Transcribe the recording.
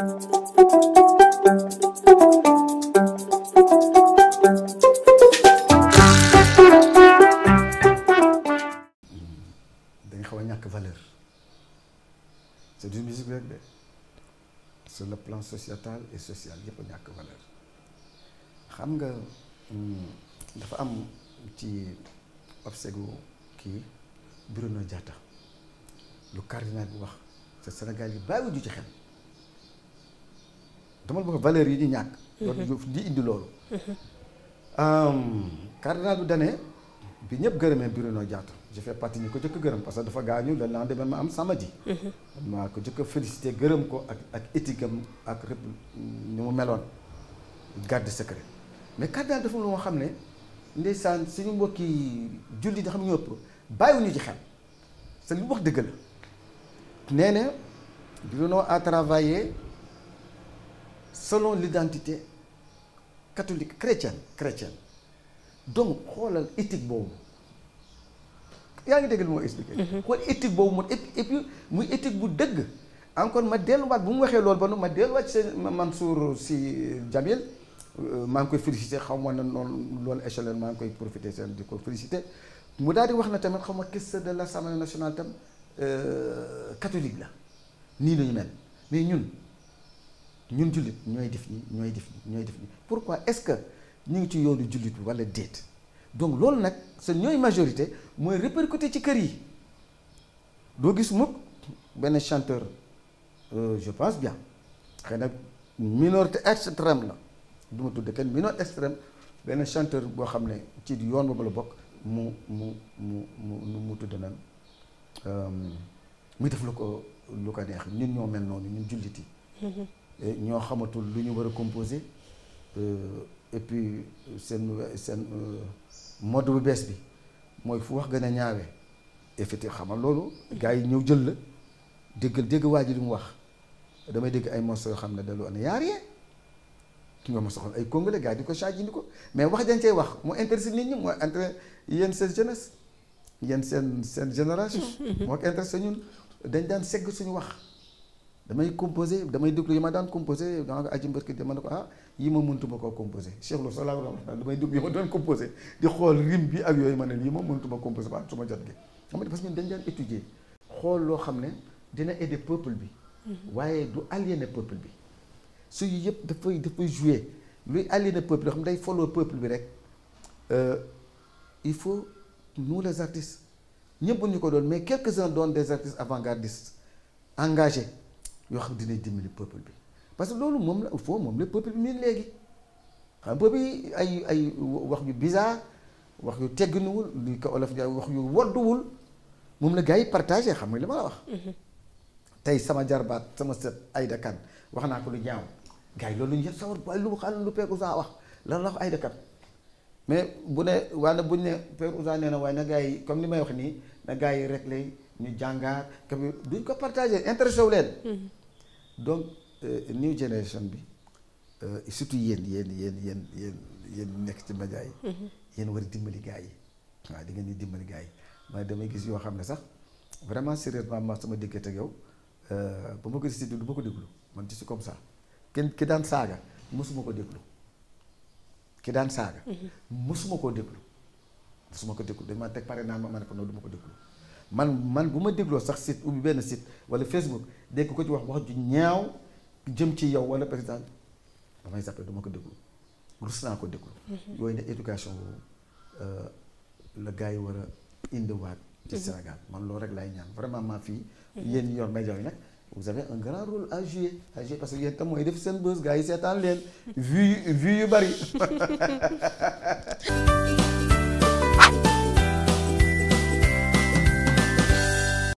dañ xaw a ñàkk valeur c'est le plan sociétal et social yëpp ñàkk valeur xam nga hmm, dafa am ci obsèque kii na Diatta lu cardinal bi wax te Sénégal yi bàyyiwuñu ci xel dama bëgg valeur yi ñu ñàkk. loolu di indi loolu. Mhm. cardinal bi dane bi ñëpp gërëmee Bruno Diatta je fais partie ko jëkk gërëm parce que dafa gaañu le lendemain ma am samedi. Mhm. maa ko jëkk félicité gërëm ko ak ak ak rëpp ni mu meloon garde secret mais cardinal dafa lu moo xam ne ndeysaan suñu mbokki julli da xam ñëpp bàyyiwuñu ci xel sa li wax dëgg la nee na Bruno selon l'identité catholique chrétienne chrétienne donc xoolal éthique boobu yaa ngi dégg li moo expliqué mhm. xool éthique boobu moom et puis muy éthique bu dëgg encore ma delluwaat bu mu waxee loolu ba nu ma delluwaat seen Mansour Sy Djamil euh, maa ngi koy félicité xaw ma ne noonu loolu échelon maa ngi koy profité seen di ko félicité mu daal di wax na tamit xaw ma question de l'Assemblée nationale tam euh, catholique la nii la ñu mel mais ñun ñun jullit ñooy def nii ñooy def nii ñooy def nii pourquoi est-ce que ñu ngi ci yoonu jullit bi walla déet donc loolu nag sa ñooy majorité mooy répercuté ci kër yi doo gis mukk benn chanteur euh, je pense bien xëy na minorité extrême la du ma tudd kenn minorité extrême benn chanteur boo xam ne ci yoon boobu la bokk mu mu mu mu mu tudd naan euh, muy def lu ko lu ko neex ñun ñoo mel noonu ñun jullit yi. Mm-hmm. ñoo xamatul lu ñu war a composer euh, et puis euh, seen seen euh, mode bu bees bi mooy fu wax gën a ñaawee effectivement xamal loolu gars yi ñëw jël la dégg dégg waa ji li mu wax damay dégg ay morceaux yoo xam ne dalu ne yaaree ki nga ma soxla ay congolais gars yi di ko change indi ko mais wax dañ cay wax moo intéressé nit ñi mooy entre yéen seen jeunesse yéen seen seen génération moo ko intéressé ñun dañ daan segg suñu wax damay composé damay déglu yi ma daan composé dama ko aji mbërki de ma ne ko ah yi ma mëntuma koo di xool rime bi ak yooyu ma ne lii ma mëntuma composé ba su ma jot gi xam nga parce que ñun dañ daan étudier xool loo xam ne dina aider peuple bi mhm. waaye du aliéner peuple bi su yu yëpp dafay dafay jouer luy aliéner peuple yoo xam ne day foloo peuple bi rek euh, il faut nous les artistes ñëpp ñu ko doon mais quelques-uns doon des artistes avant-gardistes yoo xam dina dimbali peuple bi parce que loolu moom la foo moom la peuple bi miin léegi xam peuple yi ay ay wax yu bizarre wax yu tegginuwul li ko olof di wax yu wodduwul moom la gars yi partagé xam nga li wax. Mhm. tey sama jarbaat sama set Aïda Kane wax naa ko lu ñaaw gars yi loolu ñu sawar waaye lu xam lu Père Ousan wax lan la wax Aïda Kane mais bu ne wala buñ ne Père Ousan nee na waaye na gars yi comme ni may wax nii na gars yi rek lay ñu jàngaar comme duñ ko partagé intéressé wu leen. Mhm. donc euh, new generation bi euh, surtout yéen yéen yéen yéen yéen yéen nekk ci média yi. Mm-hmm. yéen war a dimbali gars yi. waaw di ngeen di dimbali gars yi man damay gis yoo xam ne sax vraiment sérieusement ma sama diggante ak yow euh, ba ma ko si du ma ko déglu man ci si comme ça kenn ki daan saaga mosuma koo déglu ki daan saaga. mosuma mm-hmm. koo déglu mosuma ko déglu dañ maa teg pare naan ma ma ne ko noonu du ko déglu. man man bu ma dégloo sax site ubbi benn site wala Facebook dégg ko ci wax wax ju ñaaw jëm ci yow wala président damay zappé dama ko déglu rus naa ko déglu. Mhm. yooyu ne éducation boobu euh, la gars yi war a indiwaat. ci mhm. Sénégal man loolu rek laay ñaan vraiment maa fii. Mhm. yéen ñi yor média yi nag. vous avez un grand rôle à jouer à jouer parce que yéen tam mooy def seen buzz gars yi seetaan leen. vues yu vues yu bari.